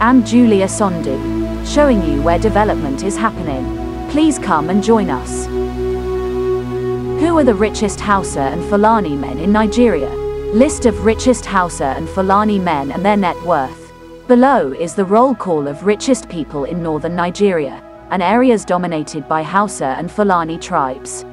and Julia Sondu, showing you where development is happening. Please come and join us. Who are the richest Hausa and Fulani men in Nigeria? List of richest Hausa and Fulani men and their net worth. Below is the roll call of richest people in northern Nigeria, and areas dominated by Hausa and Fulani tribes.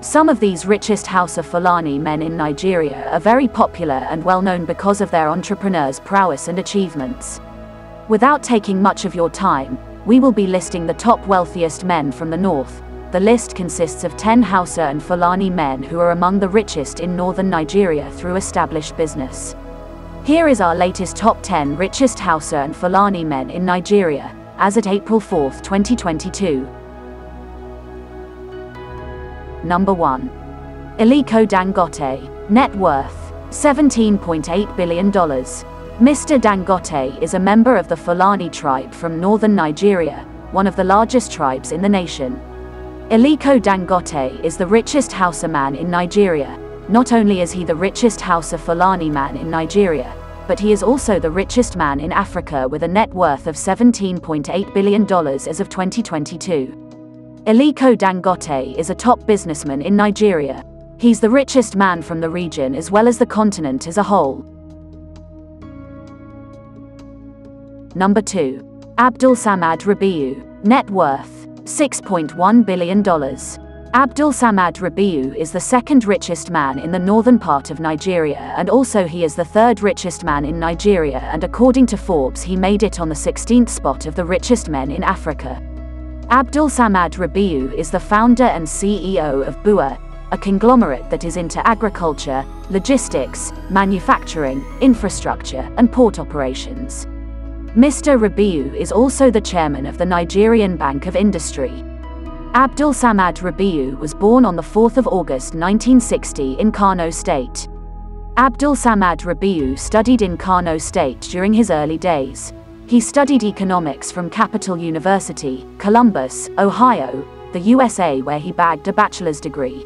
Some of these richest Hausa Fulani men in Nigeria are very popular and well known because of their entrepreneurs' prowess and achievements. Without taking much of your time, we will be listing the top wealthiest men from the north. The list consists of 10 Hausa and Fulani men who are among the richest in northern Nigeria through established business. Here is our latest top 10 richest Hausa and Fulani men in Nigeria, as at April 4, 2022. Number 1. Iliko Dangote, net worth $17.8 billion. Mr. Dangote is a member of the Fulani tribe from northern Nigeria, one of the largest tribes in the nation. Eliko Dangote is the richest Hausa man in Nigeria. Not only is he the richest Hausa Fulani man in Nigeria, but he is also the richest man in Africa with a net worth of $17.8 billion as of 2022. Eliko Dangote is a top businessman in Nigeria. He's the richest man from the region as well as the continent as a whole. Number 2. Abdul Samad Rabiu. Net worth $6.1 billion. Abdul Samad Rabiu is the second richest man in the northern part of Nigeria and also he is the third richest man in Nigeria and according to Forbes he made it on the 16th spot of the richest men in Africa. Abdul Samad Rabiu is the founder and CEO of BUA, a conglomerate that is into agriculture, logistics, manufacturing, infrastructure and port operations. Mr. Rabiu is also the chairman of the Nigerian Bank of Industry. Abdul Samad Rabiu was born on 4 August 1960 in Kano State. Abdul Samad Rabiu studied in Kano State during his early days. He studied economics from Capital University, Columbus, Ohio, the USA where he bagged a bachelor's degree.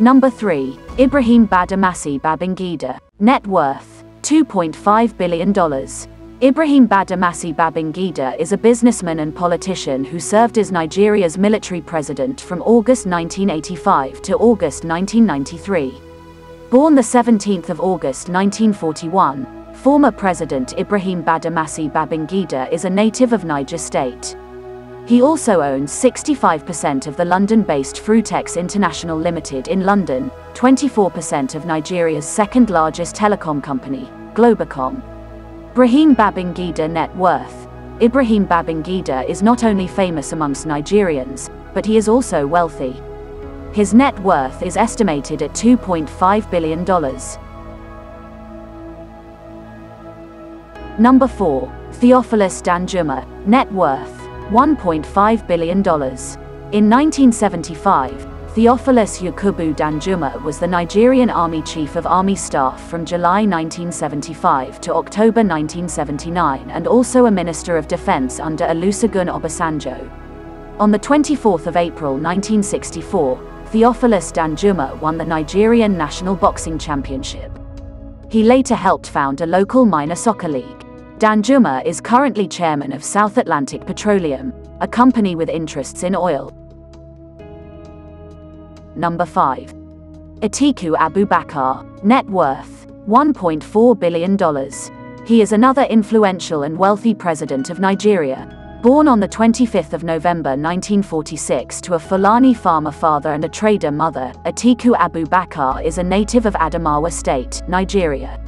Number 3. Ibrahim Badamasi Babangida. Net worth. $2.5 billion. Ibrahim Badamasi Babangida is a businessman and politician who served as Nigeria's military president from August 1985 to August 1993. Born 17 August 1941, former President Ibrahim Badamasi Babangida is a native of Niger State. He also owns 65% of the London-based Fruitex International Limited in London, 24% of Nigeria's second-largest telecom company, Globacom. Brahim Babangida net worth. Ibrahim Babangida is not only famous amongst Nigerians, but he is also wealthy. His net worth is estimated at $2.5 billion. Number 4. Theophilus Danjuma, net worth $1.5 billion. In 1975, Theophilus Yakubu Danjuma was the Nigerian Army Chief of Army Staff from July 1975 to October 1979 and also a Minister of Defense under Olusegun Obasanjo. On the 24th of April 1964, Theophilus Danjuma won the Nigerian National Boxing Championship. He later helped found a local minor soccer league. Danjuma is currently chairman of South Atlantic Petroleum, a company with interests in oil, Number 5. Atiku Abubakar, net worth $1.4 billion. He is another influential and wealthy president of Nigeria. Born on the 25th of November 1946 to a Fulani farmer father and a trader mother, Atiku Abubakar is a native of Adamawa State, Nigeria.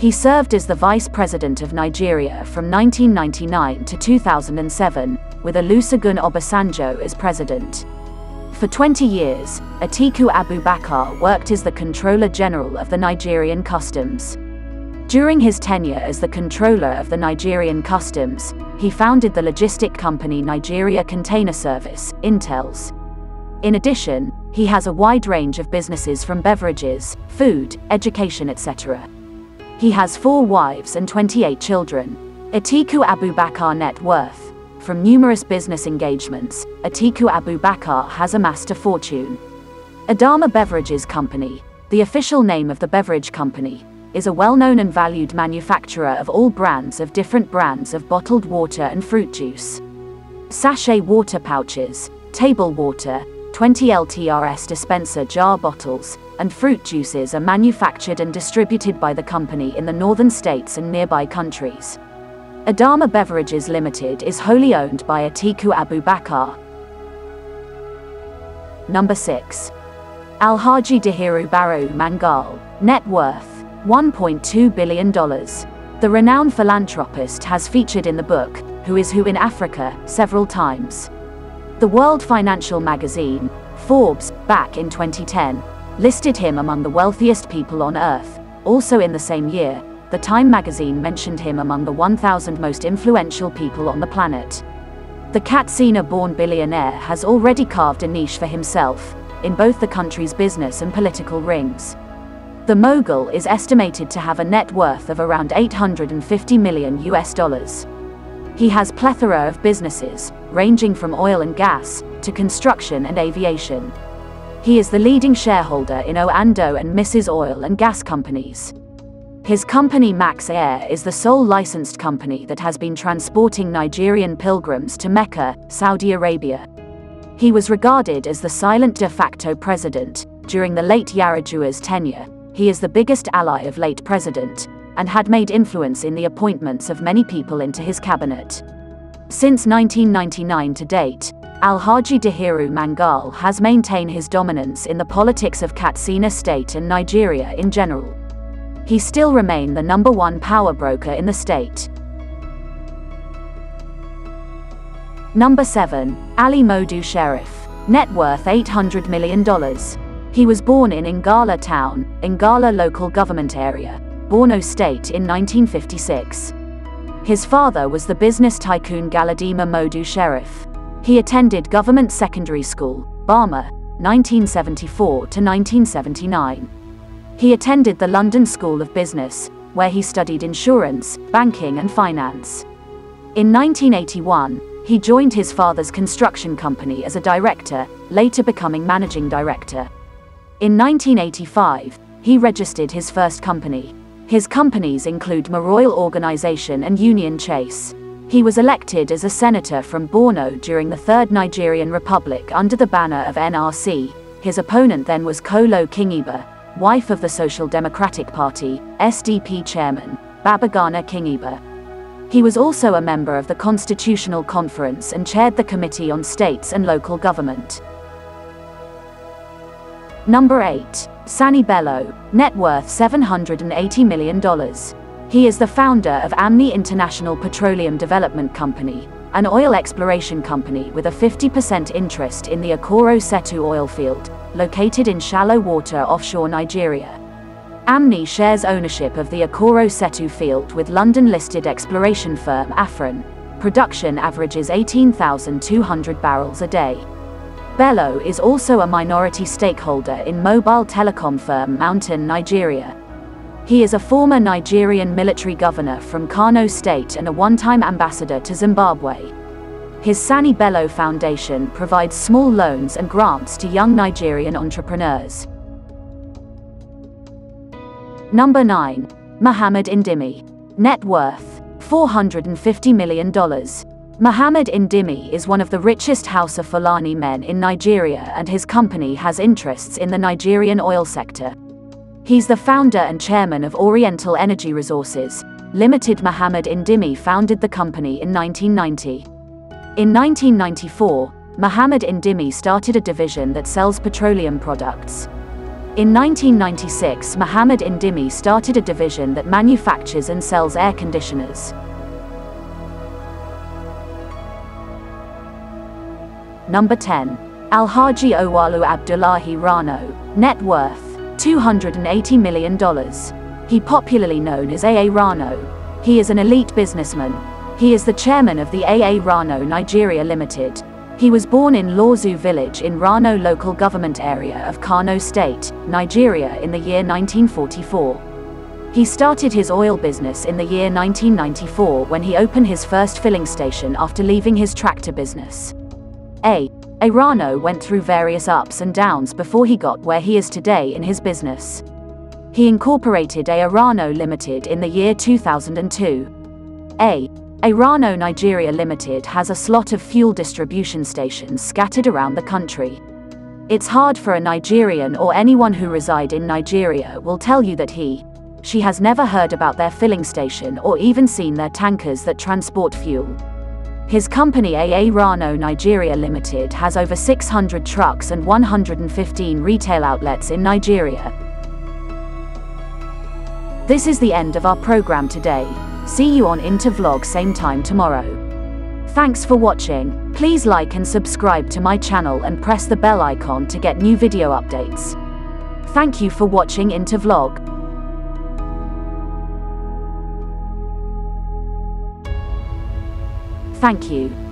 He served as the Vice President of Nigeria from 1999 to 2007, with Olusegun Obasanjo as President. For 20 years, Atiku Abubakar worked as the Controller General of the Nigerian Customs. During his tenure as the Controller of the Nigerian Customs, he founded the logistic company Nigeria Container Service, Intels. In addition, he has a wide range of businesses from beverages, food, education etc. He has four wives and 28 children. Atiku Abubakar net worth, from numerous business engagements, Atiku Abubakar has amassed a fortune. Adama Beverages Company, the official name of the beverage company, is a well-known and valued manufacturer of all brands of different brands of bottled water and fruit juice. Sachet water pouches, table water, 20 LTRS dispenser jar bottles, and fruit juices are manufactured and distributed by the company in the northern states and nearby countries. Adama Beverages Limited is wholly owned by Atiku Abubakar, Number 6. Alhaji Dahiru Baru Mangal, net worth $1.2 billion. The renowned philanthropist has featured in the book, Who is Who in Africa, several times. The World Financial Magazine, Forbes, back in 2010, listed him among the wealthiest people on earth. Also in the same year, the Time magazine mentioned him among the 1,000 most influential people on the planet. The Katsina-born billionaire has already carved a niche for himself, in both the country's business and political rings. The mogul is estimated to have a net worth of around 850 million US dollars. He has plethora of businesses, ranging from oil and gas, to construction and aviation. He is the leading shareholder in Oando and Mrs. Oil and Gas Companies. His company Max Air is the sole licensed company that has been transporting Nigerian pilgrims to Mecca, Saudi Arabia. He was regarded as the silent de facto president. During the late Yaradua's tenure, he is the biggest ally of late president, and had made influence in the appointments of many people into his cabinet. Since 1999 to date, Alhaji Dahiru Mangal has maintained his dominance in the politics of Katsina state and Nigeria in general he still remained the number one power broker in the state. Number 7. Ali Modu Sheriff. Net worth $800 million. He was born in Ingala Town, Ingala Local Government Area, Borno State in 1956. His father was the business tycoon Galadima Modu Sheriff. He attended Government Secondary School, Barma, 1974 to 1979. He attended the London School of Business, where he studied insurance, banking and finance. In 1981, he joined his father's construction company as a director, later becoming managing director. In 1985, he registered his first company. His companies include Maroil Organization and Union Chase. He was elected as a senator from Borno during the Third Nigerian Republic under the banner of NRC. His opponent then was Kolo Kingiba, wife of the Social Democratic Party, SDP chairman, Babagana Kingiba. He was also a member of the Constitutional Conference and chaired the Committee on States and Local Government. Number 8. Sani Bello, net worth $780 million. He is the founder of Amni International Petroleum Development Company, an oil exploration company with a 50% interest in the Akoro Setu oil field, located in shallow water offshore Nigeria. Amni shares ownership of the Akoro Setu field with London-listed exploration firm Afrin. Production averages 18,200 barrels a day. Bello is also a minority stakeholder in mobile telecom firm Mountain Nigeria. He is a former Nigerian military governor from Kano State and a one-time ambassador to Zimbabwe. His Sani Bello Foundation provides small loans and grants to young Nigerian entrepreneurs. Number 9. Mohammed Indimi. Net worth $450 million. Mohammed Indimi is one of the richest Hausa Fulani men in Nigeria and his company has interests in the Nigerian oil sector. He's the founder and chairman of Oriental Energy Resources. Limited Mohammed Indimi founded the company in 1990. In 1994, Mohammed Indimi started a division that sells petroleum products. In 1996, Mohammed Indimi started a division that manufactures and sells air conditioners. Number 10. Alhaji Owalu Abdullahi Rano, net worth $280 million. He popularly known as AA Rano. He is an elite businessman, he is the chairman of the AA Rano Nigeria Limited. He was born in Lawzu village in Rano local government area of Kano state, Nigeria in the year 1944. He started his oil business in the year 1994 when he opened his first filling station after leaving his tractor business. A. Rano went through various ups and downs before he got where he is today in his business. He incorporated Arano Limited in the year 2002. A. Irano Nigeria Limited has a slot of fuel distribution stations scattered around the country. It's hard for a Nigerian or anyone who reside in Nigeria will tell you that he, she has never heard about their filling station or even seen their tankers that transport fuel. His company AA Rano Nigeria Limited has over 600 trucks and 115 retail outlets in Nigeria. This is the end of our program today. See you on Intervlog same time tomorrow. Thanks for watching. Please like and subscribe to my channel and press the bell icon to get new video updates. Thank you for watching Intervlog. Thank you.